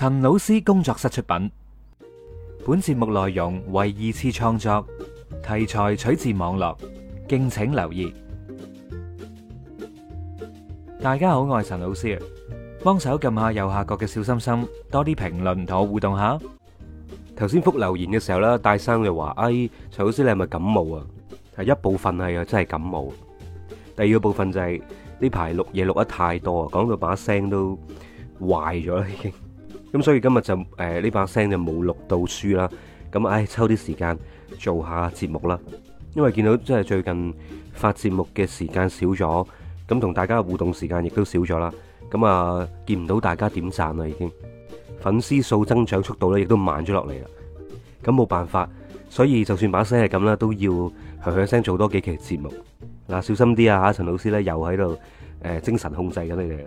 陳老師工作室出品，本節目內容為二次創作，題材取自網絡，敬請留意。大家好，我係陳老師啊，幫手撳下右下角嘅小心心，多啲評論同我互動下。頭先覆留言嘅時候啦，大生就話：哎，陳老師你係咪感冒啊？第一部分係又真係感冒，第二個部分就係呢排錄嘢錄得太多，講到把聲都壞咗啦，已經。咁所以今日就誒呢把聲就冇錄到書啦，咁唉抽啲時間做下節目啦，因為見到即係最近發節目嘅時間少咗，咁同大家嘅互動時間亦都少咗啦，咁啊見唔到大家點贊啦已經，粉絲數增長速度咧亦都慢咗落嚟啦，咁冇辦法，所以就算把聲係咁啦，都要響響聲做多幾期節目。嗱小心啲啊，阿陳老師咧又喺度誒精神控制緊你哋。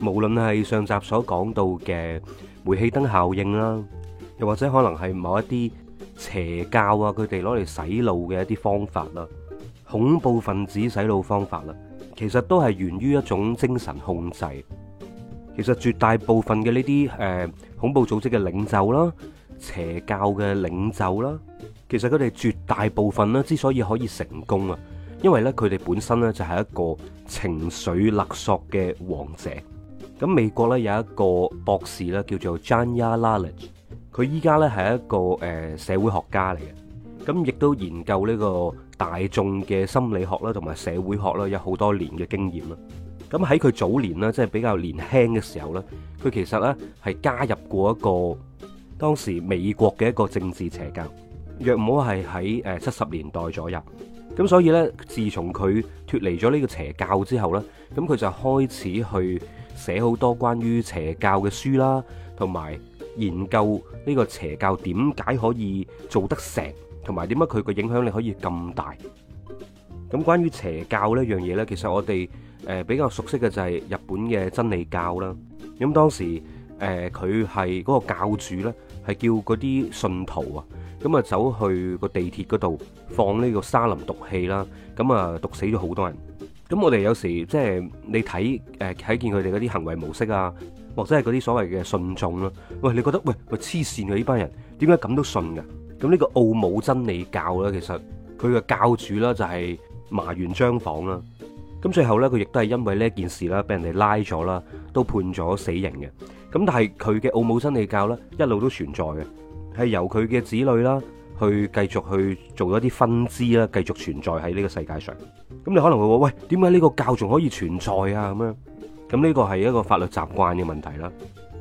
無論係上集所講到嘅煤氣燈效應啦，又或者可能係某一啲邪教啊，佢哋攞嚟洗腦嘅一啲方法啦，恐怖分子洗腦方法啦，其實都係源於一種精神控制。其實絕大部分嘅呢啲誒恐怖組織嘅領袖啦、邪教嘅領袖啦，其實佢哋絕大部分啦之所以可以成功啊，因為呢佢哋本身呢就係一個情緒勒索嘅王者。咁美國咧有一個博士咧，叫做 Janja Lalich。佢依家咧係一個誒社會學家嚟嘅，咁亦都研究呢個大眾嘅心理學啦，同埋社會學啦，有好多年嘅經驗啦。咁喺佢早年呢，即係比較年輕嘅時候呢，佢其實呢係加入過一個當時美國嘅一個政治邪教，約摸係喺誒七十年代左右。咁所以呢，自從佢脫離咗呢個邪教之後呢，咁佢就開始去寫好多關於邪教嘅書啦，同埋研究呢個邪教點解可以做得成，同埋點解佢個影響力可以咁大。咁、嗯、關於邪教呢樣嘢呢，其實我哋誒、呃、比較熟悉嘅就係日本嘅真理教啦。咁、嗯、當時誒佢係嗰個教主咧，係叫嗰啲信徒啊，咁啊走去個地鐵嗰度放呢個沙林毒氣啦，咁啊毒死咗好多人。咁我哋有時即係你睇誒睇見佢哋嗰啲行為模式啊，或者係嗰啲所謂嘅信眾咯、啊。喂，你覺得喂喂黐線嘅呢班人點解咁都信嘅、啊？咁呢個奧姆真理教咧，其實佢嘅教主啦就係、是、麻原彰房麻原彰晃啦、啊。咁最後咧，佢亦都係因為呢一件事啦、啊，俾人哋拉咗啦，都判咗死刑嘅。咁但係佢嘅奧姆真理教咧一路都存在嘅，係由佢嘅子女啦去繼續去做一啲分支啦，繼續存在喺呢個世界上。咁你可能會話：喂，點解呢個教仲可以存在啊？咁樣咁呢個係一個法律習慣嘅問題啦。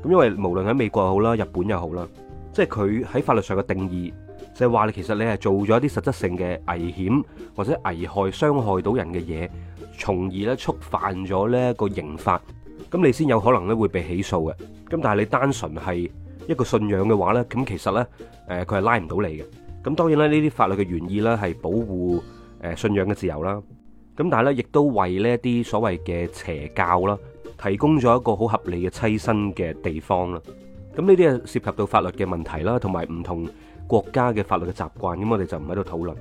咁因為無論喺美國又好啦、日本又好啦，即係佢喺法律上嘅定義就係話你其實你係做咗一啲實質性嘅危險或者危害、傷害到人嘅嘢，從而咧觸犯咗呢個刑法，咁你先有可能咧會被起訴嘅。咁但係你單純係一個信仰嘅話咧，咁其實咧誒佢係拉唔到你嘅。咁當然啦，呢啲法律嘅原意咧係保護誒信仰嘅自由啦。咁但係咧，亦都為呢一啲所謂嘅邪教啦，提供咗一個好合理嘅棲身嘅地方啦。咁呢啲係涉及到法律嘅問題啦，同埋唔同國家嘅法律嘅習慣，咁我哋就唔喺度討論。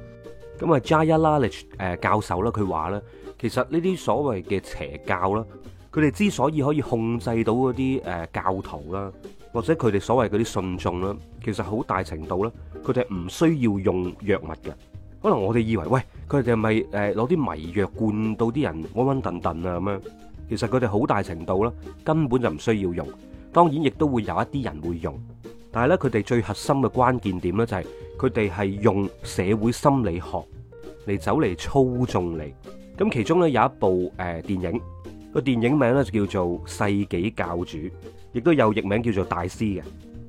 咁啊，Jai Lalage 誒教授啦，佢話咧，其實呢啲所謂嘅邪教啦，佢哋之所以可以控制到嗰啲誒教徒啦，或者佢哋所謂嗰啲信眾啦，其實好大程度咧，佢哋唔需要用藥物嘅。可能我哋以為，喂佢哋係咪誒攞啲迷藥灌到啲人穩穩頓頓啊？咁樣其實佢哋好大程度咧，根本就唔需要用，當然亦都會有一啲人會用，但係咧佢哋最核心嘅關鍵點咧，就係佢哋係用社會心理學嚟走嚟操縱你。咁其中咧有一部誒、呃、電影，個電影名咧就叫做《世紀教主》，亦都有譯名叫做《大師》嘅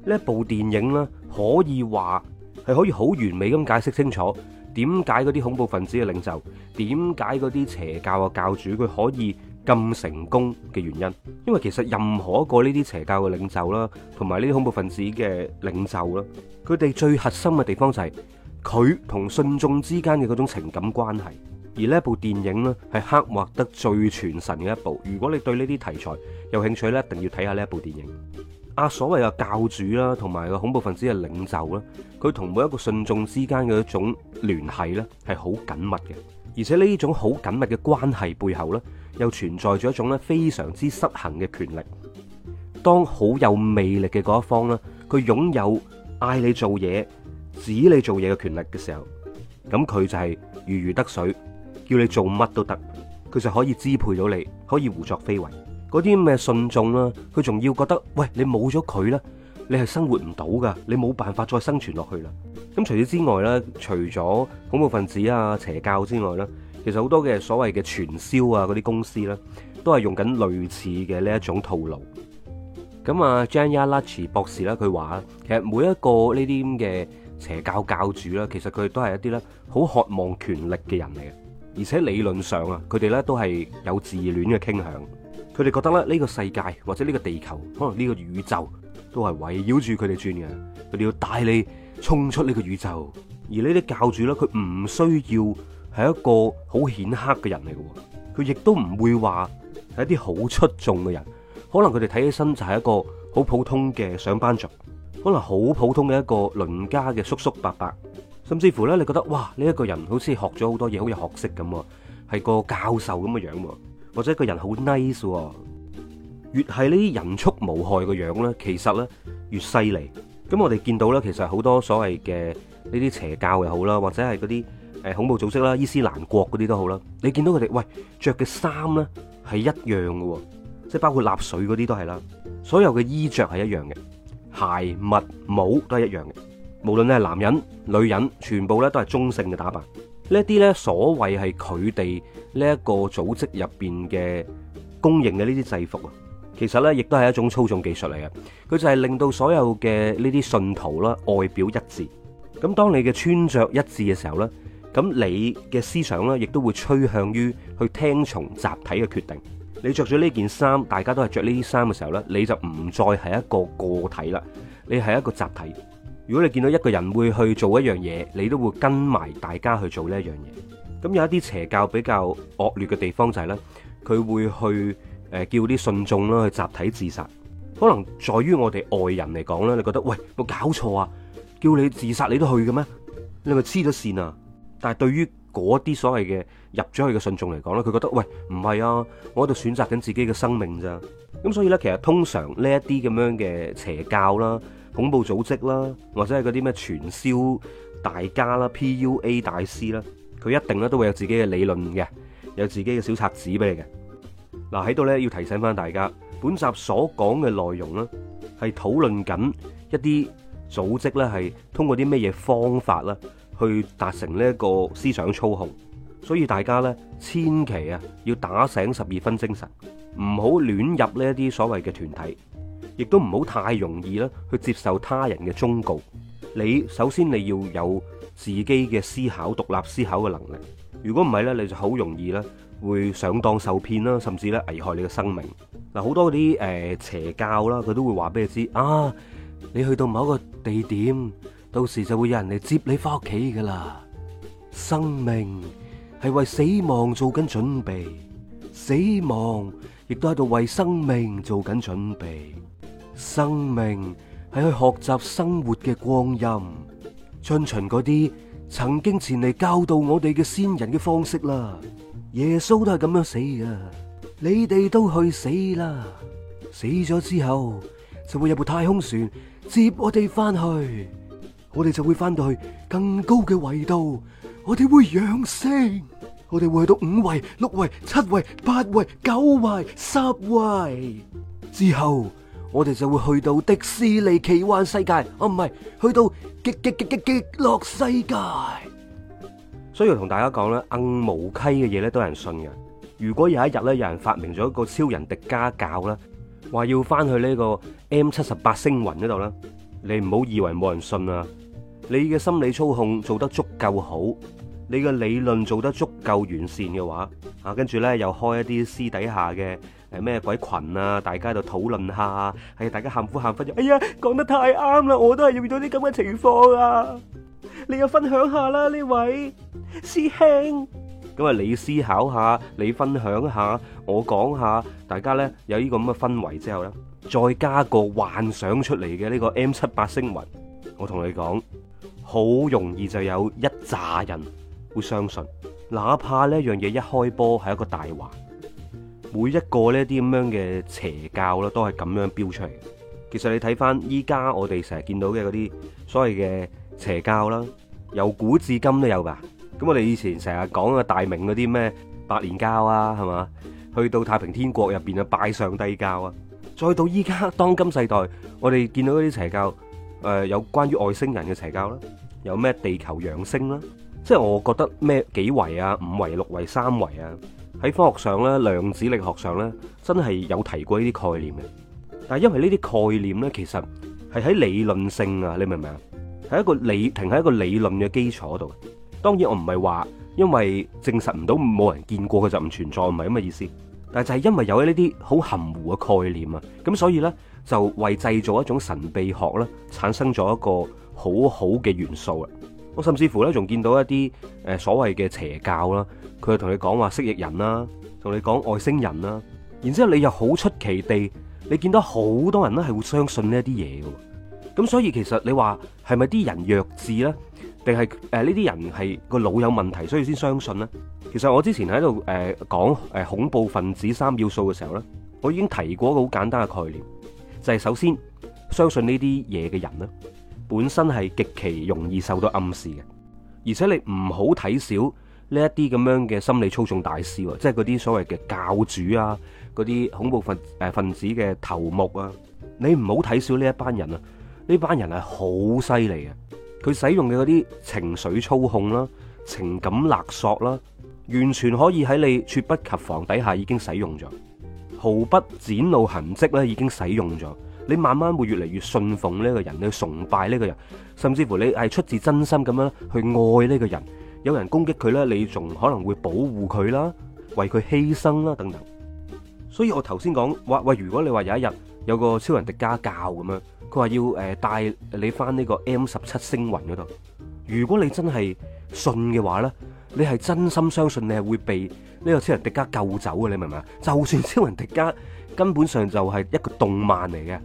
呢一部電影咧，可以話係可以好完美咁解釋清楚。點解嗰啲恐怖分子嘅領袖，點解嗰啲邪教嘅教主，佢可以咁成功嘅原因？因為其實任何一個呢啲邪教嘅領袖啦，同埋呢啲恐怖分子嘅領袖啦，佢哋最核心嘅地方就係佢同信眾之間嘅嗰種情感關係。而呢部電影呢，係刻畫得最傳神嘅一部。如果你對呢啲題材有興趣咧，一定要睇下呢一部電影。啊，所謂嘅教主啦，同埋個恐怖分子嘅領袖啦，佢同每一個信眾之間嘅一種聯繫呢，係好緊密嘅。而且呢種好緊密嘅關係背後呢，又存在住一種呢非常之失衡嘅權力。當好有魅力嘅嗰一方呢，佢擁有嗌你做嘢、指你做嘢嘅權力嘅時候，咁佢就係如魚得水，叫你做乜都得，佢就可以支配到你，可以胡作非為。嗰啲咩信眾啦、啊，佢仲要覺得喂，你冇咗佢咧，你係生活唔到噶，你冇辦法再生存落去啦。咁除此之外咧，除咗恐怖分子啊、邪教之外咧，其實好多嘅所謂嘅傳銷啊，嗰啲公司咧，都係用緊類似嘅呢一種套路。咁啊 Janja Lalich 博士啦，佢話其實每一個呢啲咁嘅邪教教主啦，其實佢哋都係一啲呢好渴望權力嘅人嚟嘅，而且理論上啊，佢哋呢都係有自戀嘅傾向。佢哋覺得咧，呢個世界或者呢個地球，可能呢個宇宙都係圍繞住佢哋轉嘅。佢哋要帶你衝出呢個宇宙。而呢啲教主呢，佢唔需要係一個好顯赫嘅人嚟嘅喎。佢亦都唔會話係一啲好出眾嘅人。可能佢哋睇起身就係一個好普通嘅上班族，可能好普通嘅一個鄰家嘅叔叔伯伯，甚至乎呢，你覺得哇，呢一個人好似學咗好多嘢，好似學識咁喎，係個教授咁嘅樣喎。或者個人好 nice 喎，越係呢啲人畜無害嘅樣呢，其實呢越犀利。咁我哋見到呢，其實好多所謂嘅呢啲邪教又好啦，或者係嗰啲誒恐怖組織啦、伊斯蘭國嗰啲都好啦。你見到佢哋喂著嘅衫呢係一樣嘅，即係包括納粹嗰啲都係啦，所有嘅衣著係一樣嘅，鞋、襪、帽都係一樣嘅，無論你係男人、女人，全部呢都係中性嘅打扮。呢啲呢，所謂係佢哋呢一個組織入邊嘅公認嘅呢啲制服啊，其實呢亦都係一種操縱技術嚟嘅。佢就係令到所有嘅呢啲信徒啦，外表一致。咁當你嘅穿着一致嘅時候呢，咁你嘅思想呢亦都會趨向於去聽從集體嘅決定。你着咗呢件衫，大家都係着呢啲衫嘅時候呢，你就唔再係一個個體啦，你係一個集體。如果你見到一個人會去做一樣嘢，你都會跟埋大家去做呢一樣嘢。咁有一啲邪教比較惡劣嘅地方就係咧，佢會去誒叫啲信眾啦去集體自殺。可能在於我哋外人嚟講咧，你覺得喂，冇搞錯啊？叫你自殺你都去嘅咩？你係咪黐咗線啊？但係對於嗰啲所謂嘅入咗去嘅信眾嚟講咧，佢覺得喂唔係啊，我喺度選擇緊自己嘅生命咋。咁所以咧，其實通常呢一啲咁樣嘅邪教啦。恐怖組織啦，或者係嗰啲咩傳銷大家啦、PUA 大師啦，佢一定咧都會有自己嘅理論嘅，有自己嘅小冊子俾你嘅。嗱喺度呢，要提醒翻大家，本集所講嘅內容呢，係討論緊一啲組織呢係通過啲咩嘢方法啦，去達成呢一個思想操控。所以大家呢，千祈啊要打醒十二分精神，唔好亂入呢一啲所謂嘅團體。亦都唔好太容易啦，去接受他人嘅忠告。你首先你要有自己嘅思考、獨立思考嘅能力。如果唔係咧，你就好容易咧會上當受騙啦，甚至咧危害你嘅生命。嗱，好多啲誒邪教啦，佢都會話俾你知啊，你去到某一個地點，到時就會有人嚟接你返屋企噶啦。生命係為死亡做緊準備，死亡亦都喺度為生命做緊準備。生命係去學習生活嘅光陰，遵循嗰啲曾經前嚟教導我哋嘅先人嘅方式啦。耶穌都係咁樣死㗎，你哋都去死啦。死咗之後就會有部太空船接我哋翻去，我哋就會翻到去更高嘅維度。我哋會養生，我哋會去到五維、六維、七維、八維、九維、十維之後。我哋就會去到迪士尼奇幻世界，哦，唔係去到極極極極極樂世界。所以要同大家講咧，硬無稽嘅嘢咧都有人信嘅。如果有一日咧，有人發明咗一個超人迪迦教啦，話要翻去呢個 M 七十八星雲嗰度啦，你唔好以為冇人信啊。你嘅心理操控做得足夠好，你嘅理論做得足夠完善嘅話，啊，跟住咧又開一啲私底下嘅。係咩鬼群啊？大家喺度討論下，係大家喊苦喊忽。哎呀，講得太啱啦！我都係要遇到啲咁嘅情況啊！你又分享下啦，呢位師兄。咁啊，你思考下，你分享下，我講下，大家呢，有呢個咁嘅氛圍之後呢，再加個幻想出嚟嘅呢個 M 七八星雲，我同你講，好容易就有一紮人會相信，哪怕呢一樣嘢一開波係一個大話。每一個呢啲咁樣嘅邪教啦，都係咁樣標出嚟。其實你睇返依家我哋成日見到嘅嗰啲所謂嘅邪教啦，由古至今都有吧。咁我哋以前成日講嘅大明嗰啲咩白蓮教啊，係嘛，去到太平天國入邊嘅拜上帝教啊，再到依家當今世代，我哋見到嗰啲邪教，誒有關於外星人嘅邪教啦，有咩地球養星啦，即係我覺得咩幾維啊，五維、六維、三維啊。喺科學上咧，量子力學上咧，真係有提過呢啲概念嘅。但係因為呢啲概念咧，其實係喺理論性啊，你明唔明啊？係一個理停喺一個理論嘅基礎度。當然我唔係話因為證實唔到冇人見過佢就唔存在，唔係咁嘅意思。但係就係因為有呢啲好含糊嘅概念啊，咁所以咧就為製造一種神秘學咧，產生咗一個好好嘅元素啊！我甚至乎咧，仲見到一啲誒所謂嘅邪教啦，佢又同你講話蜥蜴人啦，同你講外星人啦，然之後你又好出奇地，你見到好多人咧係會相信呢一啲嘢嘅。咁所以其實你話係咪啲人弱智呢？定係誒呢啲人係個腦有問題，所以先相信呢？其實我之前喺度誒講誒恐怖分子三要素嘅時候呢，我已經提過一個好簡單嘅概念，就係首先相信呢啲嘢嘅人咧。本身係極其容易受到暗示嘅，而且你唔好睇小呢一啲咁樣嘅心理操縱大師喎、啊，即係嗰啲所謂嘅教主啊，嗰啲恐怖分誒分子嘅頭目啊，你唔好睇小呢一班人啊，呢班人係好犀利啊。佢使用嘅嗰啲情緒操控啦、啊、情感勒索啦、啊，完全可以喺你猝不及防底下已經使用咗，毫不展露痕跡咧、啊、已經使用咗。你慢慢會越嚟越信奉呢個人，你去崇拜呢個人，甚至乎你係出自真心咁樣去愛呢個人。有人攻擊佢咧，你仲可能會保護佢啦，為佢犧牲啦等等。所以我頭先講，話喂，如果你話有一日有個超人迪迦教咁樣，佢話要誒帶你翻呢個 M 十七星雲嗰度，如果你真係信嘅話咧，你係真心相信你係會被呢個超人迪迦救走嘅，你明唔明啊？就算超人迪迦根本上就係一個動漫嚟嘅。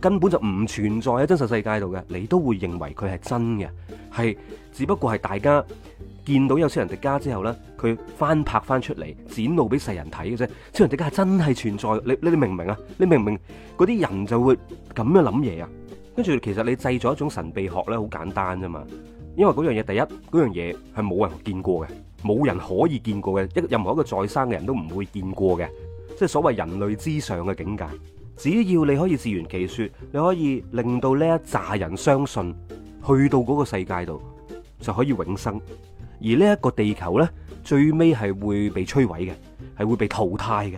根本就唔存在喺真實世界度嘅，你都會認為佢係真嘅，係只不過係大家見到有超人迪迦之後呢，佢翻拍翻出嚟，展露俾世人睇嘅啫。超人迪迦係真係存在，你你明唔明啊？你明唔明？嗰啲人就會咁樣諗嘢啊。跟住其實你製造一種神秘學呢，好簡單啫嘛。因為嗰樣嘢第一，嗰樣嘢係冇人見過嘅，冇人可以見過嘅，一任何一個在生嘅人都唔會見過嘅，即係所謂人類之上嘅境界。只要你可以自圓其說，你可以令到呢一紮人相信，去到嗰個世界度就可以永生，而呢一個地球呢，最尾係會被摧毀嘅，係會被淘汰嘅，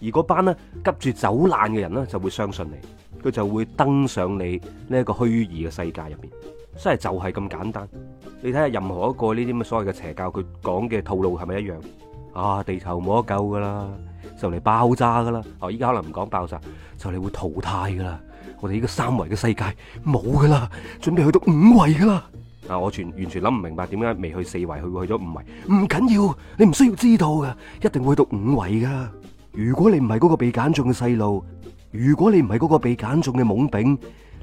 而嗰班呢急住走爛嘅人呢，就會相信你，佢就會登上你呢一個虛擬嘅世界入邊，真係就係咁簡單。你睇下任何一個呢啲咁所謂嘅邪教，佢講嘅套路係咪一樣？啊，地球冇得救噶啦！就嚟爆炸噶啦！啊，依家可能唔講爆炸，就嚟會淘汰噶啦。我哋呢個三維嘅世界冇噶啦，準備去到五維噶啦。啊，我全完全諗唔明白點解未去四維，去會去到五維。唔緊要，你唔需要知道噶，一定會去到五維噶。如果你唔係嗰個被揀中嘅細路，如果你唔係嗰個被揀中嘅懵丙，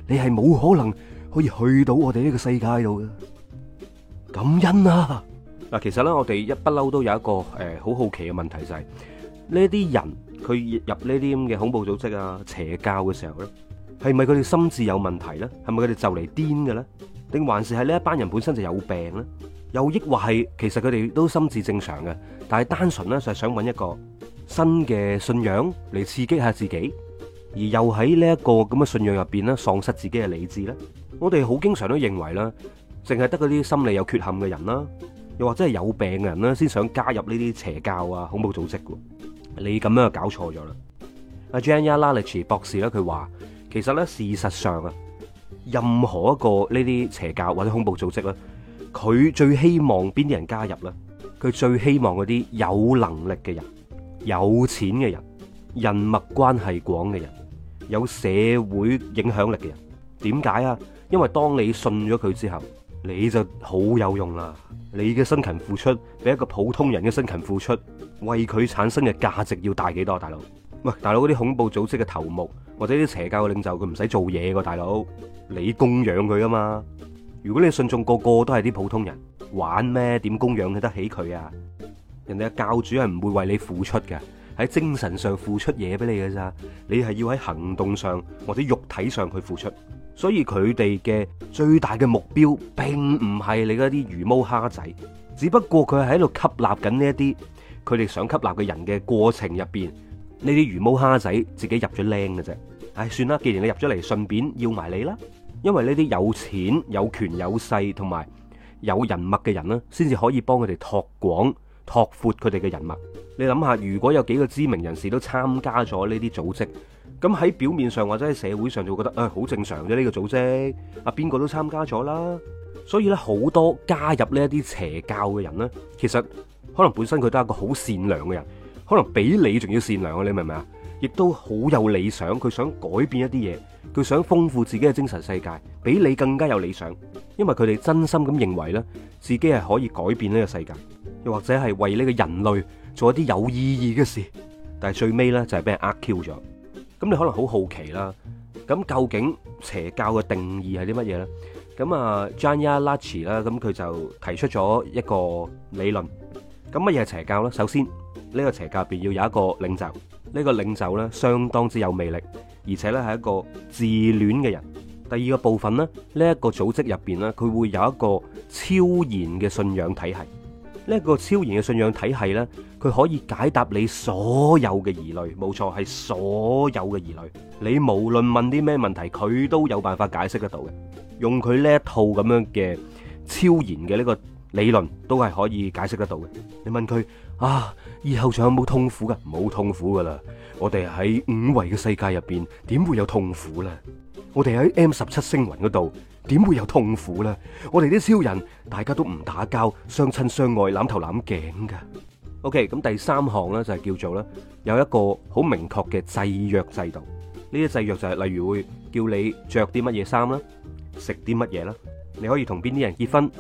你係冇可能可以去到我哋呢個世界度噶。感恩啊！嗱，其實咧，我哋一不嬲都有一個誒，好好奇嘅問題就係。呢啲人佢入呢啲咁嘅恐怖組織啊邪教嘅時候咧，係咪佢哋心智有問題咧？係咪佢哋就嚟癲嘅咧？定還是係呢一班人本身就有病咧？又抑或係其實佢哋都心智正常嘅，但係單純咧就係想揾一個新嘅信仰嚟刺激下自己，而又喺呢一個咁嘅信仰入邊咧喪失自己嘅理智咧？我哋好經常都認為啦，淨係得嗰啲心理有缺陷嘅人啦，又或者係有病嘅人啦，先想加入呢啲邪教啊恐怖組織喎。你咁樣就搞錯咗啦！阿 Janja Lalich 博士咧，佢話：其實咧，事實上啊，任何一個呢啲邪教或者恐怖組織咧，佢最希望邊啲人加入咧？佢最希望嗰啲有能力嘅人、有錢嘅人、人脈關係廣嘅人、有社會影響力嘅人。點解啊？因為當你信咗佢之後，你就好有用啦！你嘅辛勤付出，比一個普通人嘅辛勤付出，為佢產生嘅價值要大幾多啊，大佬？喂大佬，嗰啲恐怖組織嘅頭目或者啲邪教嘅領袖，佢唔使做嘢噶啊，大佬，你供養佢噶嘛？如果你信眾個個都係啲普通人，玩咩？點供養得起佢啊？人哋嘅教主係唔會為你付出嘅，喺精神上付出嘢俾你噶咋？你係要喺行動上或者肉體上去付出。所以佢哋嘅最大嘅目標並唔係你嗰啲魚毛蝦仔，只不過佢喺度吸納緊呢一啲佢哋想吸納嘅人嘅過程入邊，呢啲魚毛蝦仔自己入咗靚嘅啫。唉、哎，算啦，既然你入咗嚟，順便要埋你啦。因為呢啲有錢、有權、有勢同埋有，有人脈嘅人咧，先至可以幫佢哋拓廣、拓闊佢哋嘅人脈。你諗下，如果有幾個知名人士都參加咗呢啲組織？咁喺表面上或者喺社會上就會覺得誒好正常啫，呢個組織啊邊個都參加咗啦。所以咧好多加入呢一啲邪教嘅人呢，其實可能本身佢都係一個好善良嘅人，可能比你仲要善良啊！你明唔明啊？亦都好有理想，佢想改變一啲嘢，佢想豐富自己嘅精神世界，比你更加有理想。因為佢哋真心咁認為呢，自己係可以改變呢個世界，又或者係為呢個人類做一啲有意義嘅事。但係最尾呢，就係俾人呃 Q 咗。咁你可能好好奇啦。咁究竟邪教嘅定義係啲乜嘢呢？咁啊，Janja Lalich 啦，咁佢就提出咗一個理論。咁乜嘢係邪教呢？首先呢個邪教入邊要有一個領袖，呢個領袖呢，相當之有魅力，而且呢係一個自戀嘅人。第二個部分呢，呢一個組織入邊呢，佢會有一個超然嘅信仰體系。呢一個超然嘅信仰體系呢，佢可以解答你所有嘅疑慮，冇錯，係所有嘅疑慮。你無論問啲咩問題，佢都有辦法解釋得到嘅。用佢呢一套咁樣嘅超然嘅呢個理論，都係可以解釋得到嘅。你問佢啊，「以後仲有冇痛苦噶？冇痛苦噶啦，我哋喺五維嘅世界入邊，點會有痛苦呢？我哋喺 M 十七星雲嗰度。點會有痛苦呢？我哋啲超人大家都唔打交，相親相愛，攬頭攬頸噶。OK，咁第三項呢就係叫做呢，有一個好明確嘅制約制度。呢啲制約就係例如會叫你着啲乜嘢衫啦，食啲乜嘢啦，你可以同邊啲人結婚，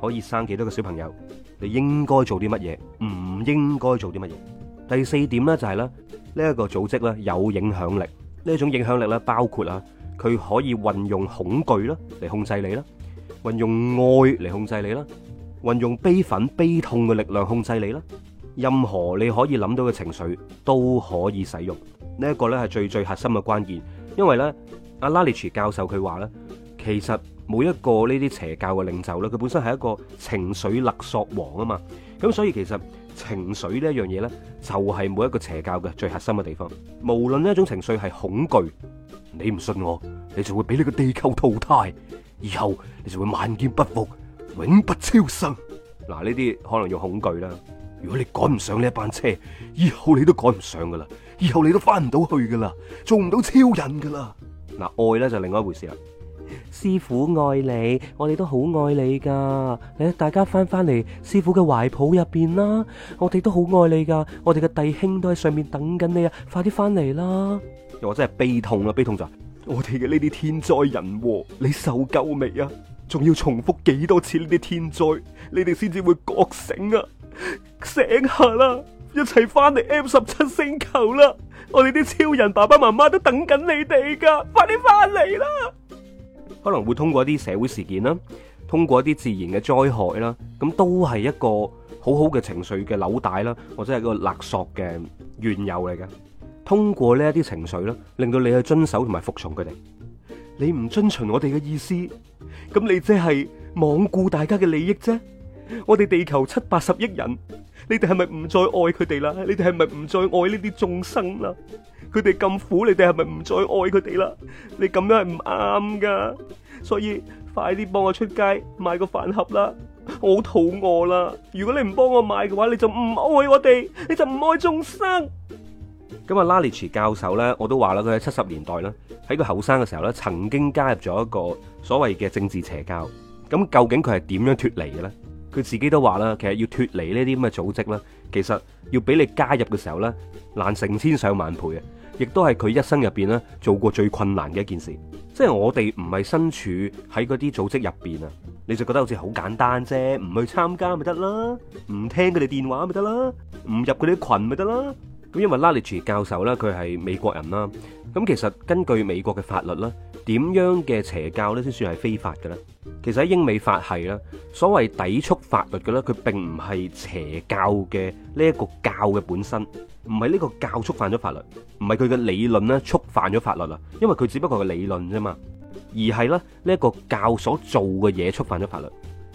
可以生幾多個小朋友，你應該做啲乜嘢，唔應該做啲乜嘢。第四點呢就係呢呢一個組織呢有影響力。呢一種影響力呢包括啊。佢可以運用恐懼啦，嚟控制你啦；運用愛嚟控制你啦；運用悲憤、悲痛嘅力量控制你啦。任何你可以諗到嘅情緒都可以使用。呢個咧係最最核心嘅關鍵，因為咧阿拉利奇教授佢話咧，其實每一個呢啲邪教嘅領袖咧，佢本身係一個情緒勒索王啊嘛。咁所以其實情緒呢樣嘢咧，就係每一個邪教嘅最核心嘅地方。無論呢種情緒係恐懼。你唔信我，你就會俾呢個地球淘汰，以後你就會萬劫不復，永不超生。嗱、啊，呢啲可能要恐懼啦。如果你趕唔上呢一班車，以後你都趕唔上噶啦，以後你都翻唔到去噶啦，做唔到超人噶啦。嗱、啊，愛咧就另外一回事啦。師傅愛你，我哋都好愛你噶。嚟，大家翻翻嚟師傅嘅懷抱入邊啦。我哋都好愛你噶，我哋嘅弟兄都喺上面等緊你啊，快啲翻嚟啦！我真係悲痛啦！悲痛就係，我哋嘅呢啲天災人禍，你受夠未啊？仲要重複幾多次呢啲天災，你哋先至會覺醒啊！醒下啦，一齊翻嚟 M 十七星球啦！我哋啲超人爸爸媽媽都等緊你哋噶，快啲翻嚟啦！可能會通過一啲社會事件啦，通過一啲自然嘅災害啦，咁都係一個好好嘅情緒嘅紐帶啦，或者係個勒索嘅緣由嚟嘅。通過呢一啲情緒啦，令到你去遵守同埋服從佢哋。你唔遵循我哋嘅意思，咁你即係罔顧大家嘅利益啫。我哋地球七八十億人，你哋係咪唔再愛佢哋啦？你哋係咪唔再愛呢啲衆生啦？佢哋咁苦，你哋係咪唔再愛佢哋啦？你咁樣係唔啱噶所以快啲幫我出街買個飯盒啦，我好肚餓啦。如果你唔幫我買嘅話，你就唔愛我哋，你就唔愛衆生。因為拉利奇教授咧，我都話啦，佢喺七十年代咧，喺佢後生嘅時候咧，曾經加入咗一個所謂嘅政治邪教。咁究竟佢係點樣脱離嘅咧？佢自己都話啦，其實要脱離呢啲咁嘅組織咧，其實要俾你加入嘅時候咧，難成千上萬倍啊！亦都係佢一生入邊咧做過最困難嘅一件事。即係我哋唔係身處喺嗰啲組織入邊啊，你就覺得好似好簡單啫，唔去參加咪得啦，唔聽佢哋電話咪得啦，唔入佢哋啲羣咪得啦。咁因為 Lalich 教授咧，佢係美國人啦。咁其實根據美國嘅法律咧，點樣嘅邪教咧先算係非法嘅呢？其實喺英美法系啦，所謂抵觸法律嘅咧，佢並唔係邪教嘅呢一個教嘅本身，唔係呢個教觸犯咗法律，唔係佢嘅理論咧觸犯咗法律啊。因為佢只不過係理論啫嘛，而係咧呢一個教所做嘅嘢觸犯咗法律。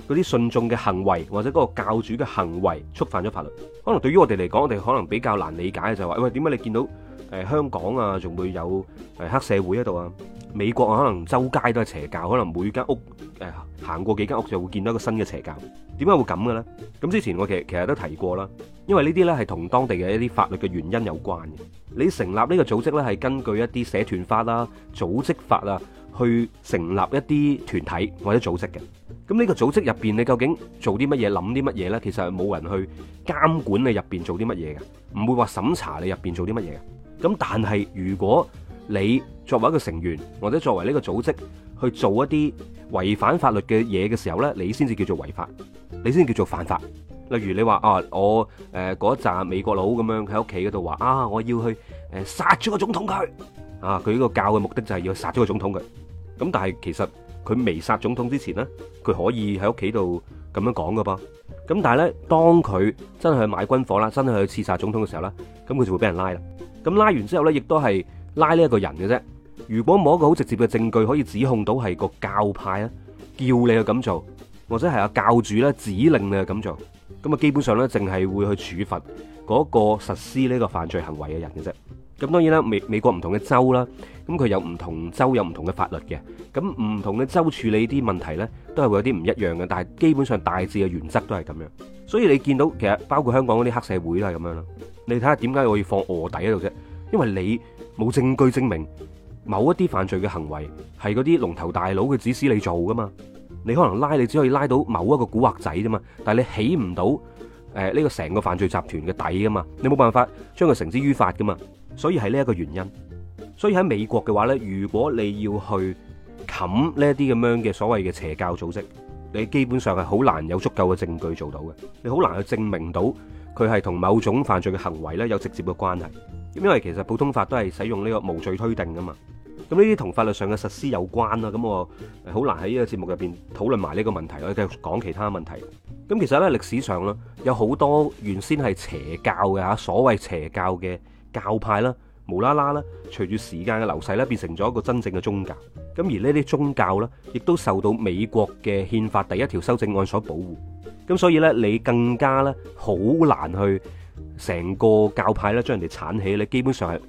嗰啲信眾嘅行為或者嗰個教主嘅行為觸犯咗法律，可能對於我哋嚟講，我哋可能比較難理解嘅就係、是、話，喂點解你見到誒、呃、香港啊，仲會有誒、呃、黑社會喺度啊，美國、啊、可能周街都係邪教，可能每間屋誒、呃、行過幾間屋就會見到一個新嘅邪教，點解會咁嘅咧？咁之前我其實其實都提過啦，因為呢啲呢係同當地嘅一啲法律嘅原因有關嘅。你成立呢個組織呢，係根據一啲社團法啦、啊、組織法啊。去成立一啲團體或者組織嘅，咁呢個組織入邊你究竟做啲乜嘢、諗啲乜嘢呢？其實冇人去監管你入邊做啲乜嘢嘅，唔會話審查你入邊做啲乜嘢嘅。咁但係如果你作為一個成員或者作為呢個組織去做一啲違反法律嘅嘢嘅時候呢，你先至叫做違法，你先至叫做犯法。例如你話啊，我誒嗰紮美國佬咁樣喺屋企嗰度話啊，我要去誒殺咗個總統佢啊，佢呢個教嘅目的就係要殺咗個總統佢。咁但係其實佢未殺總統之前呢，佢可以喺屋企度咁樣講噶噃。咁但係呢，當佢真係去買軍火啦，真係去刺殺總統嘅時候呢，咁佢就會俾人拉啦。咁拉完之後呢，亦都係拉呢一個人嘅啫。如果冇一個好直接嘅證據可以指控到係個教派啊，叫你去咁做，或者係啊教主呢指令你去咁做，咁啊基本上呢，淨係會去處罰嗰個實施呢個犯罪行為嘅人嘅啫。咁當然啦，美美國唔同嘅州啦，咁佢有唔同州有唔同嘅法律嘅。咁唔同嘅州處理啲問題呢，都係會有啲唔一樣嘅。但係基本上大致嘅原則都係咁樣。所以你見到其實包括香港嗰啲黑社會都係咁樣啦，你睇下點解我要放卧底喺度啫？因為你冇證據證明某一啲犯罪嘅行為係嗰啲龍頭大佬佢指使你做噶嘛。你可能拉你只可以拉到某一個古惑仔啫嘛，但係你起唔到誒呢個成個犯罪集團嘅底噶嘛。你冇辦法將佢繩之於法噶嘛。所以係呢一個原因，所以喺美國嘅話呢，如果你要去冚呢啲咁樣嘅所謂嘅邪教組織，你基本上係好難有足夠嘅證據做到嘅，你好難去證明到佢係同某種犯罪嘅行為呢有直接嘅關係，因為其實普通法都係使用呢個無罪推定噶嘛，咁呢啲同法律上嘅實施有關啦，咁我好難喺呢個節目入邊討論埋呢個問題咯，我繼續講其他問題。咁其實咧歷史上呢，有好多原先係邪教嘅吓，所謂邪教嘅。教派啦，無啦啦啦，隨住時間嘅流逝咧，變成咗一個真正嘅宗教。咁而呢啲宗教呢，亦都受到美國嘅憲法第一條修正案所保護。咁所以呢，你更加呢，好難去成個教派呢將人哋鏟起。你基本上係誒、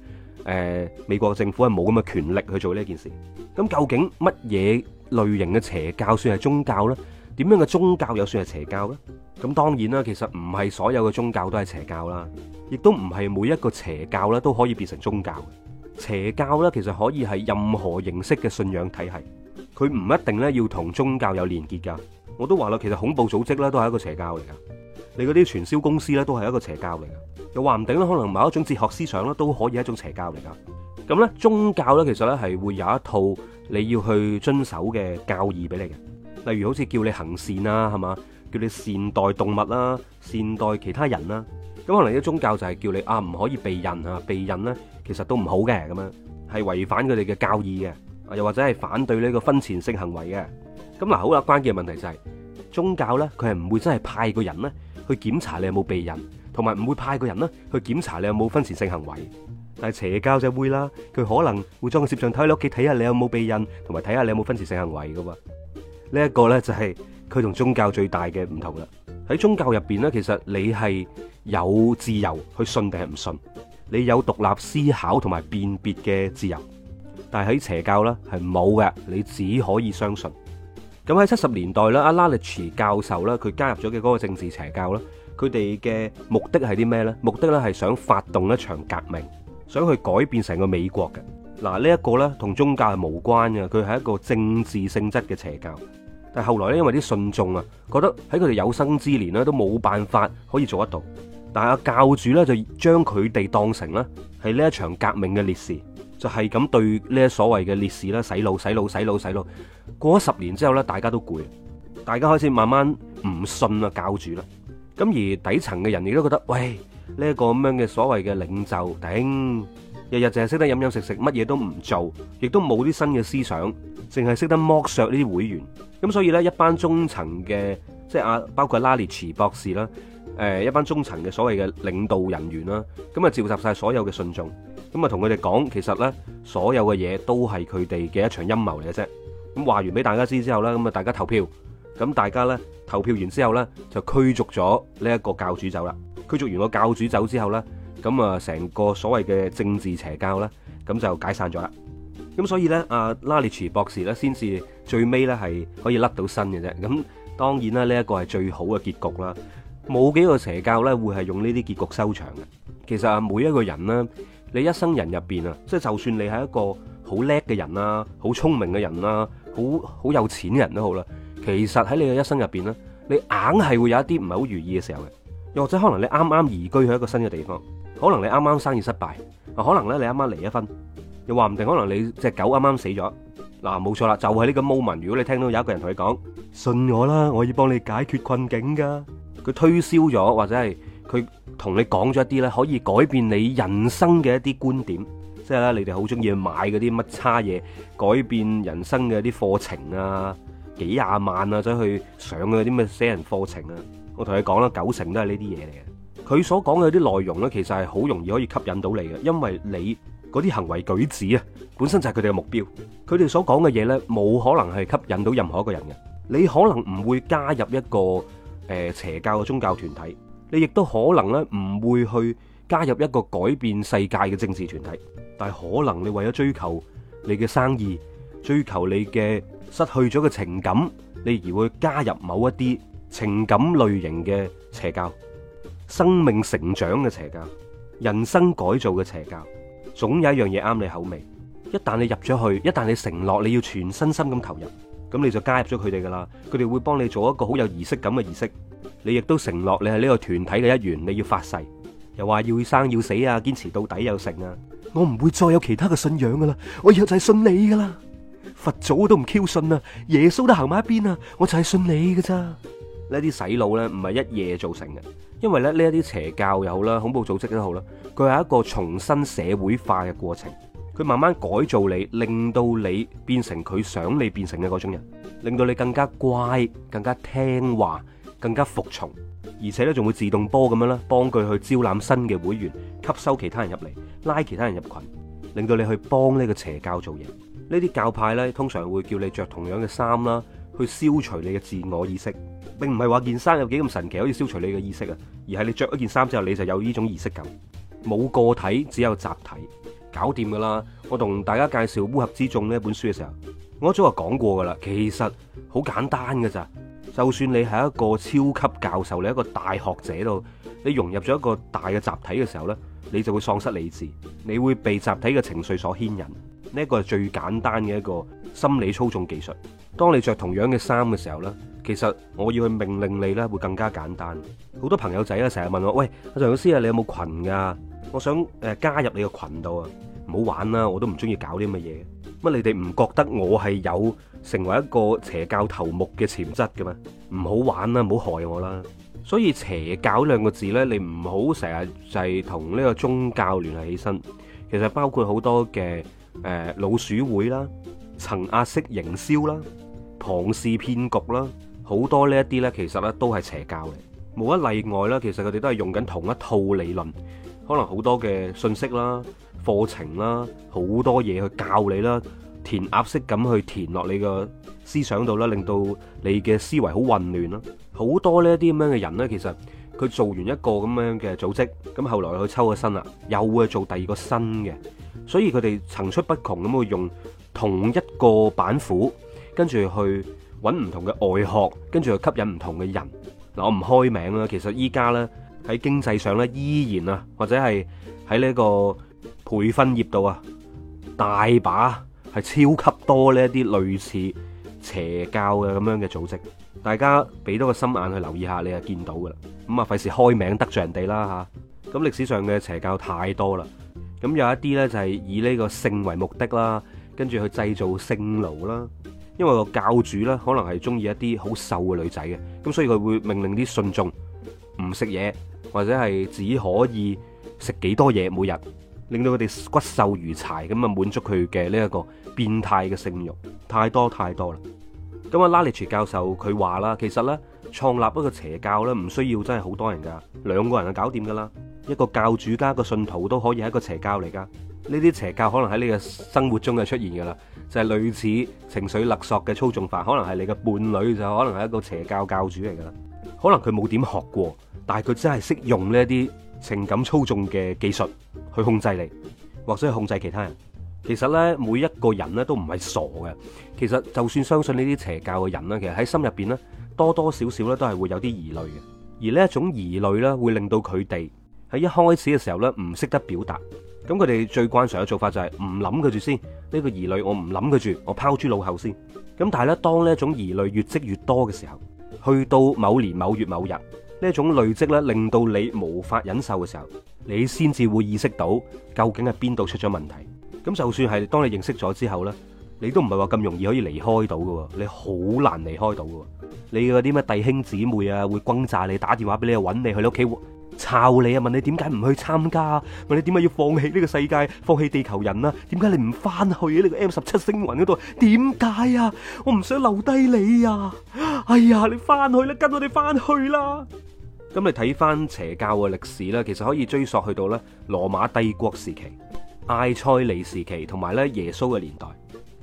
呃、美國政府係冇咁嘅權力去做呢件事。咁究竟乜嘢類型嘅邪教算係宗教呢？點樣嘅宗教又算係邪教呢？咁當然啦，其實唔係所有嘅宗教都係邪教啦，亦都唔係每一個邪教咧都可以變成宗教嘅。邪教咧其實可以係任何形式嘅信仰體系，佢唔一定咧要同宗教有連結㗎。我都話啦，其實恐怖組織咧都係一個邪教嚟㗎，你嗰啲傳銷公司咧都係一個邪教嚟㗎，又話唔定咧，可能某一種哲學思想咧都可以係一種邪教嚟㗎。咁咧宗教咧其實咧係會有一套你要去遵守嘅教義畀你嘅，例如好似叫你行善啦，係嘛？叫你善待動物啦，善待其他人啦。咁可能啲宗教就係叫你啊，唔可以避孕吓，避孕咧其實都唔好嘅，咁樣，係違反佢哋嘅教義嘅。又或者係反對呢個婚前性行為嘅。咁嗱、啊，好啦，關鍵嘅問題就係、是、宗教咧，佢係唔會真係派個人咧去檢查你有冇避孕，同埋唔會派個人咧去檢查你有冇婚前性行為。但係邪教就會啦，佢可能會裝個攝像你屋企，睇下你有冇避孕，同埋睇下你有冇婚前性行為噶喎。這個、呢一個咧就係、是。佢同宗教最大嘅唔同啦，喺宗教入邊咧，其實你係有自由去信定係唔信，你有獨立思考同埋辨別嘅自由。但係喺邪教咧係冇嘅，你只可以相信。咁喺七十年代咧，阿 Lalich 教授咧，佢加入咗嘅嗰個政治邪教咧，佢哋嘅目的係啲咩咧？目的咧係想發動一場革命，想去改變成個美國嘅。嗱，呢一個咧同宗教係無關嘅，佢係一個政治性質嘅邪教。但係後來咧，因為啲信眾啊，覺得喺佢哋有生之年咧都冇辦法可以做得到。但係阿教主咧，就將佢哋當成咧係呢一場革命嘅烈士，就係咁對呢一所謂嘅烈士咧洗腦、洗腦、洗腦、洗腦。過咗十年之後咧，大家都攰，大家開始慢慢唔信阿教主啦。咁而底層嘅人亦都覺得喂，呢一個咁樣嘅所謂嘅領袖頂日日淨係識得飲飲食食，乜嘢都唔做，亦都冇啲新嘅思想，淨係識得剝削呢啲會員。咁所以呢，一班中層嘅，即係啊，包括拉列茨博士啦，誒一班中層嘅所謂嘅領導人員啦，咁啊召集晒所有嘅信眾，咁啊同佢哋講，其實呢，所有嘅嘢都係佢哋嘅一場陰謀嚟嘅啫。咁話完俾大家知之後咧，咁啊大家投票，咁大家呢，投票完之後呢，就驅逐咗呢一個教主走啦。驅逐完個教主走之後呢。咁啊，成個所謂嘅政治邪教呢，咁就解散咗啦。咁所以呢，阿拉利奇博士呢，先至最尾呢，係可以甩到身嘅啫。咁當然啦、啊，呢一個係最好嘅結局啦。冇幾個邪教呢，會係用呢啲結局收場嘅。其實啊，每一個人呢，你一生人入邊啊，即係就算你係一個好叻嘅人啦，好聰明嘅人啦、啊，好好、啊、有錢人都好啦，其實喺你嘅一生入邊呢，你硬係會有一啲唔係好如意嘅時候嘅。又或者可能你啱啱移居去一個新嘅地方。可能你啱啱生意失敗，可能咧你啱啱離咗婚，又話唔定可能你隻狗啱啱死咗，嗱、啊、冇錯啦，就係、是、呢個 moment。如果你聽到有一個人同你講，信我啦，我要幫你解決困境噶。佢推銷咗或者係佢同你講咗一啲咧可以改變你人生嘅一啲觀點，即係咧你哋好中意買嗰啲乜差嘢改變人生嘅啲課程啊，幾廿萬啊走去上嗰啲咩死人課程啊，我同你講啦，九成都係呢啲嘢嚟嘅。佢所講嘅啲內容咧，其實係好容易可以吸引到你嘅，因為你嗰啲行為舉止啊，本身就係佢哋嘅目標。佢哋所講嘅嘢咧，冇可能係吸引到任何一個人嘅。你可能唔會加入一個誒邪教嘅宗教團體，你亦都可能咧唔會去加入一個改變世界嘅政治團體，但係可能你為咗追求你嘅生意、追求你嘅失去咗嘅情感，你而會加入某一啲情感類型嘅邪教。生命成長嘅邪教，人生改造嘅邪教，總有一樣嘢啱你口味。一旦你入咗去，一旦你承諾你要全身心咁投入，咁你就加入咗佢哋噶啦。佢哋會幫你做一個好有儀式感嘅儀式。你亦都承諾你係呢個團體嘅一員，你要發誓，又話要生要死啊，堅持到底又成啊。等等，我唔會再有其他嘅信仰噶啦，我以後就係信你噶啦。佛祖都唔 q 信啊，耶穌都行埋一邊啊，我就係信你噶咋。呢啲洗腦呢，唔係一夜造成嘅，因為咧呢一啲邪教又好啦，恐怖組織都好啦，佢係一個重新社會化嘅過程，佢慢慢改造你，令到你變成佢想你變成嘅嗰種人，令到你更加乖、更加聽話、更加服從，而且呢仲會自動波咁樣啦，幫佢去招攬新嘅會員，吸收其他人入嚟，拉其他人入群，令到你去幫呢個邪教做嘢。呢啲教派呢，通常會叫你着同樣嘅衫啦，去消除你嘅自我意識。並唔係話件衫有幾咁神奇可以消除你嘅意識啊，而係你着一件衫之後，你就有呢種意識感。冇個體，只有集體，搞掂噶啦。我同大家介紹《烏合之眾》呢本書嘅時候，我一早話講過噶啦。其實好簡單噶咋，就算你係一個超級教授，你一個大學者度，你融入咗一個大嘅集體嘅時候呢，你就會喪失理智，你會被集體嘅情緒所牽引。呢個係最簡單嘅一個心理操縱技術。當你着同樣嘅衫嘅時候呢。其實我要去命令你咧，會更加簡單。好多朋友仔咧成日問我，喂，阿陳老師啊，你有冇群噶？我想誒、呃、加入你個群度啊！唔好玩啦，我都唔中意搞啲咁嘅嘢。乜你哋唔覺得我係有成為一個邪教頭目嘅潛質嘅咩？唔好玩啦，唔好害我啦。所以邪教兩個字呢，你唔好成日就係同呢個宗教聯繫起身。其實包括好多嘅誒、呃、老鼠會啦、層壓式營銷啦、龐氏騙局啦。好多呢一啲呢，其實呢都係邪教嘅，無一例外啦。其實佢哋都係用緊同一套理論，可能好多嘅信息啦、課程啦、好多嘢去教你啦，填鴨式咁去填落你個思想度啦，令到你嘅思維好混亂啦。好多呢一啲咁樣嘅人呢，其實佢做完一個咁樣嘅組織，咁後來佢抽咗身啦，又會去做第二個新嘅，所以佢哋層出不窮咁去用同一個板斧，跟住去，揾唔同嘅外殼，跟住又吸引唔同嘅人。嗱，我唔開名啦。其實依家咧喺經濟上咧，依然啊，或者係喺呢個培訓業度啊，大把係超級多呢一啲類似邪教嘅咁樣嘅組織。大家俾多個心眼去留意下，你啊見到噶啦。咁啊，費事開名得罪人哋啦吓，咁歷史上嘅邪教太多啦。咁有一啲咧就係以呢個性為目的啦，跟住去製造性奴啦。因為個教主咧，可能係中意一啲好瘦嘅女仔嘅，咁所以佢會命令啲信眾唔食嘢，或者係只可以食幾多嘢每日，令到佢哋骨瘦如柴，咁啊滿足佢嘅呢一個變態嘅性慾，太多太多啦。咁啊，拉利奇教授佢話啦，其實呢，創立一個邪教呢，唔需要真係好多人噶，兩個人就搞掂噶啦，一個教主加一個信徒都可以係一個邪教嚟噶。呢啲邪教可能喺你嘅生活中就出現噶啦，就係類似情緒勒索嘅操縱法，可能係你嘅伴侶就可能係一個邪教教主嚟噶啦。可能佢冇點學過，但係佢真係識用呢啲情感操縱嘅技術去控制你，或者係控制其他人。其實呢，每一個人呢都唔係傻嘅。其實就算相信呢啲邪教嘅人呢，其實喺心入邊呢，多多少少呢都係會有啲疑慮嘅。而呢一種疑慮呢，會令到佢哋喺一開始嘅時候呢，唔識得表達。咁佢哋最慣常嘅做法就係唔諗佢住先，呢個疑慮我唔諗佢住，我拋諸腦後先。咁但係咧，當呢一種疑慮越積越多嘅時候，去到某年某月某日，呢一種累積咧令到你無法忍受嘅時候，你先至會意識到究竟係邊度出咗問題。咁就算係當你認識咗之後呢，你都唔係話咁容易可以離開到嘅，你好難離開到嘅。你嘅啲咩弟兄姊妹啊，會轟炸你，打電話俾你揾你去你屋企。吵你啊！問你點解唔去參加？問你點解要放棄呢個世界，放棄地球人啦？點解你唔翻去啊？呢個 M 十七星雲嗰度？點解啊？我唔想留低你啊！哎呀，你翻去啦，跟我哋翻去啦！咁你睇翻邪教嘅歷史啦，其實可以追溯去到咧羅馬帝國時期、埃塞尼時期，同埋咧耶穌嘅年代。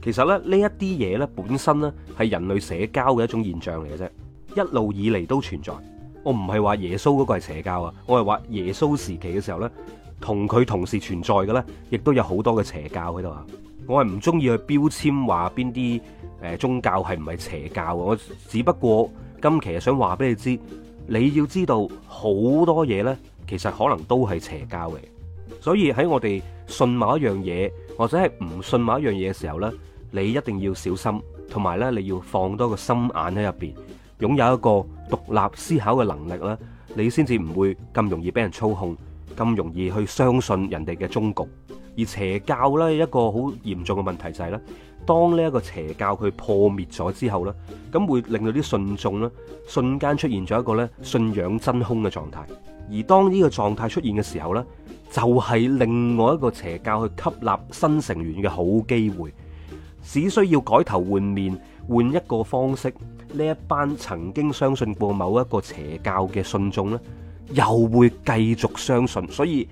其實咧呢一啲嘢咧本身咧係人類社交嘅一種現象嚟嘅啫，一路以嚟都存在。我唔係話耶穌嗰個係邪教啊，我係話耶穌時期嘅時候呢，同佢同時存在嘅呢，亦都有好多嘅邪教喺度啊。我係唔中意去標籤話邊啲誒宗教係唔係邪教啊。我只不過今期係想話俾你知，你要知道好多嘢呢，其實可能都係邪教嘅。所以喺我哋信某一樣嘢或者係唔信某一樣嘢嘅時候呢，你一定要小心，同埋呢你要放多個心眼喺入邊。擁有一個獨立思考嘅能力咧，你先至唔會咁容易俾人操控，咁容易去相信人哋嘅忠告。而邪教咧一個好嚴重嘅問題就係咧，當呢一個邪教佢破滅咗之後咧，咁會令到啲信眾咧瞬間出現咗一個咧信仰真空嘅狀態。而當呢個狀態出現嘅時候咧，就係另外一個邪教去吸納新成員嘅好機會，只需要改頭換面，換一個方式。呢一班曾經相信過某一個邪教嘅信眾呢，又會繼續相信，所以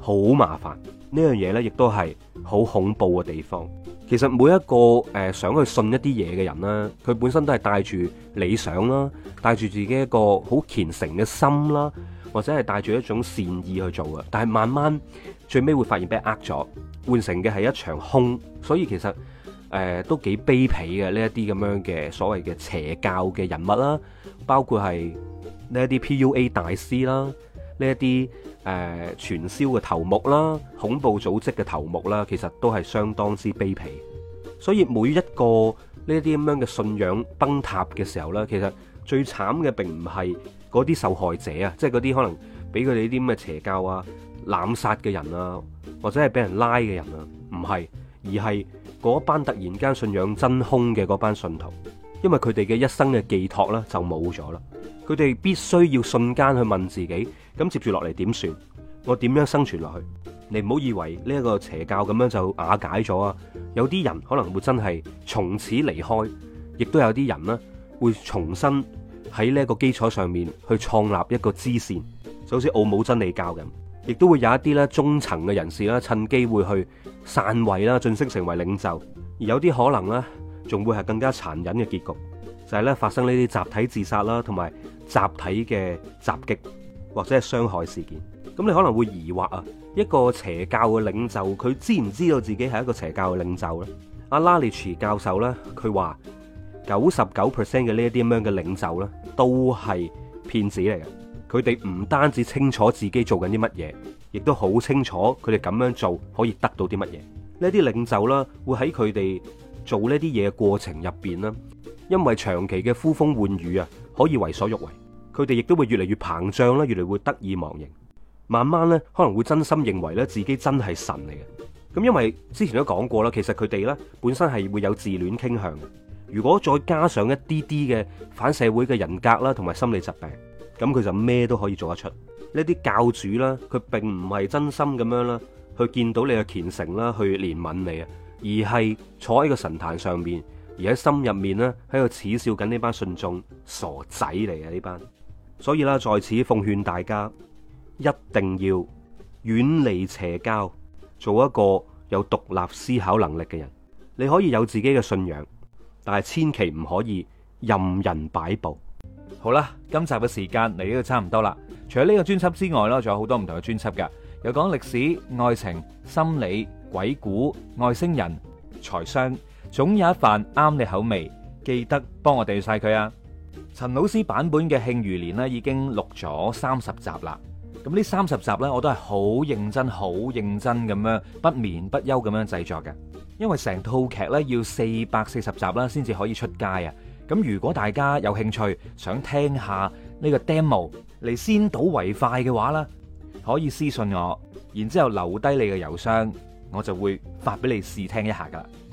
好麻煩。呢樣嘢呢，亦都係好恐怖嘅地方。其實每一個誒、呃、想去信一啲嘢嘅人啦，佢本身都係帶住理想啦，帶住自己一個好虔誠嘅心啦，或者係帶住一種善意去做嘅。但係慢慢最尾會發現俾人呃咗，換成嘅係一場空。所以其實誒都幾卑鄙嘅呢一啲咁樣嘅所謂嘅邪教嘅人物啦，包括係呢一啲 PUA 大師啦，呢一啲誒傳銷嘅頭目啦，恐怖組織嘅頭目啦，其實都係相當之卑鄙。所以每一個呢啲咁樣嘅信仰崩塌嘅時候呢，其實最慘嘅並唔係嗰啲受害者啊，即係嗰啲可能俾佢哋啲咁嘅邪教啊濫殺嘅人啊，或者係俾人拉嘅人啊，唔係，而係嗰班突然間信仰真空嘅嗰班信徒，因為佢哋嘅一生嘅寄託呢，就冇咗啦，佢哋必須要瞬間去問自己，咁接住落嚟點算？我點樣生存落去？你唔好以為呢個邪教咁樣就瓦解咗啊！有啲人可能會真係從此離開，亦都有啲人呢，會重新喺呢個基礎上面去創立一個支線，就好似奧姆真理教咁。亦都會有一啲咧中層嘅人士啦，趁機會去散位啦，晉升成為領袖。而有啲可能咧，仲會係更加殘忍嘅結局，就係咧發生呢啲集體自殺啦，同埋集體嘅襲擊或者係傷害事件。咁你可能會疑惑啊，一個邪教嘅領袖，佢知唔知道自己係一個邪教嘅領袖咧？阿拉利奇教授咧，佢話九十九 percent 嘅呢一啲咁樣嘅領袖咧，都係騙子嚟嘅。佢哋唔單止清楚自己做緊啲乜嘢，亦都好清楚佢哋咁樣做可以得到啲乜嘢。呢啲領袖啦，會喺佢哋做呢啲嘢嘅過程入邊啦，因為長期嘅呼風喚雨啊，可以為所欲為。佢哋亦都會越嚟越膨脹啦，越嚟會得意忘形，慢慢呢，可能會真心認為呢自己真係神嚟嘅。咁因為之前都講過啦，其實佢哋呢本身係會有自戀傾向。如果再加上一啲啲嘅反社會嘅人格啦，同埋心理疾病。咁佢就咩都可以做得出。呢啲教主啦，佢並唔係真心咁樣啦，去見到你嘅虔誠啦，去憐憫你啊，而係坐喺個神壇上面，而喺心入面咧，喺度恥笑緊呢班信眾傻仔嚟嘅呢班。所以啦，在此奉勸大家，一定要遠離邪教，做一個有獨立思考能力嘅人。你可以有自己嘅信仰，但係千祈唔可以任人擺布。好啦，今集嘅時間嚟到差唔多啦。除咗呢個專輯之外啦，仲有好多唔同嘅專輯嘅，有講歷史、愛情、心理、鬼故、外星人、財商，總有一份啱你口味。記得幫我訂閱晒佢啊！陳老師版本嘅《慶餘年》咧已經錄咗三十集啦。咁呢三十集呢，我都係好認真、好認真咁樣不眠不休咁樣製作嘅，因為成套劇呢，要四百四十集啦先至可以出街啊！咁如果大家有興趣想聽下呢個 demo 嚟先睹為快嘅話啦，可以私信我，然之後留低你嘅郵箱，我就會發俾你試聽一下㗎。